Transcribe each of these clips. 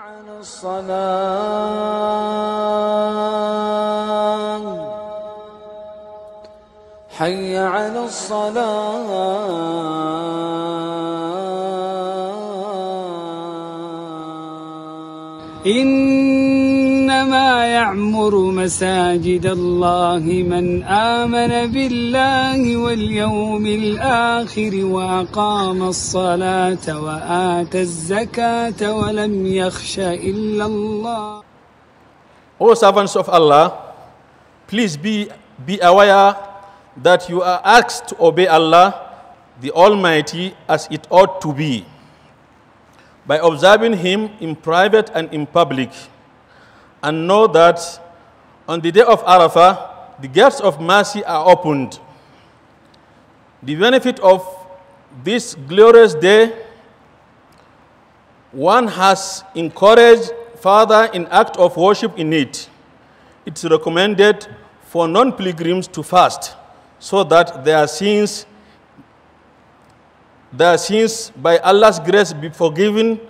عن الصلاة حي على الصلاة إن إنما يعمر مساجد الله من آمن بالله واليوم الآخر وأقام الصلاة وآت الزكاة ولم يخش إلا الله O servants of Allah, please be, be aware that you are asked to obey Allah, the Almighty, as it ought to be, by observing Him in private and in public. and know that on the day of Arafah, the gates of mercy are opened. The benefit of this glorious day, one has encouraged further in act of worship in it. It's recommended for non-pilgrims to fast so that their sins their sins by Allah's grace be forgiven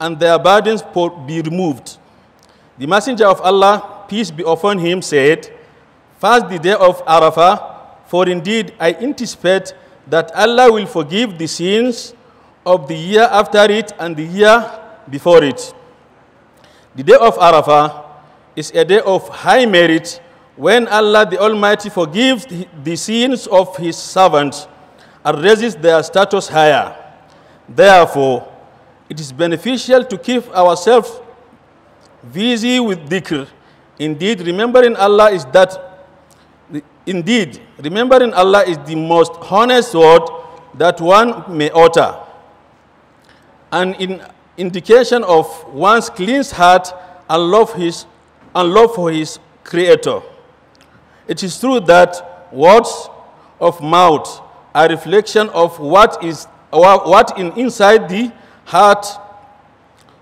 and their burdens be removed. The Messenger of Allah, peace be upon him, said, Fast the day of Arafah, for indeed I anticipate that Allah will forgive the sins of the year after it and the year before it. The day of Arafah is a day of high merit when Allah the Almighty forgives the sins of his servants and raises their status higher. Therefore, it is beneficial to keep ourselves busy with dhikr. Indeed, remembering Allah is that, indeed, remembering Allah is the most honest word that one may utter. And in indication of one's clean heart and love, his, and love for his creator. It is true that words of mouth are reflection of what is what in inside the heart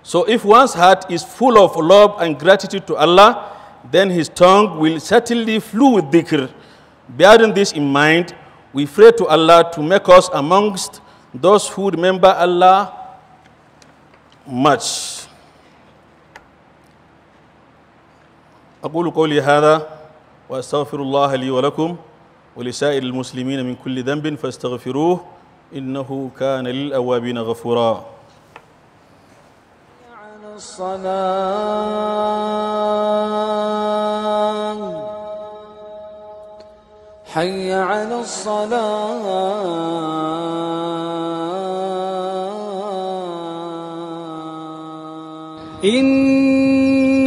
so if one's heart is full of love and gratitude to Allah, then his tongue will certainly flow with dhikr. Bearing this in mind, we pray to Allah to make us amongst those who remember Allah much. أقول قولي هذا وأستغفر الله لي ولكم ولسائر المسلمين من كل ذنب فاستغفروه إنه كان للأوابين غفوراً الصلاة حي على الصلاة إن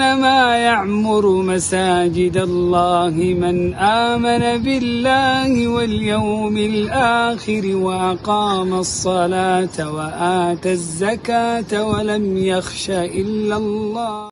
إنما يعمر مساجد الله من آمن بالله واليوم الآخر وأقام الصلاة وآتى الزكاة ولم يخش إلا الله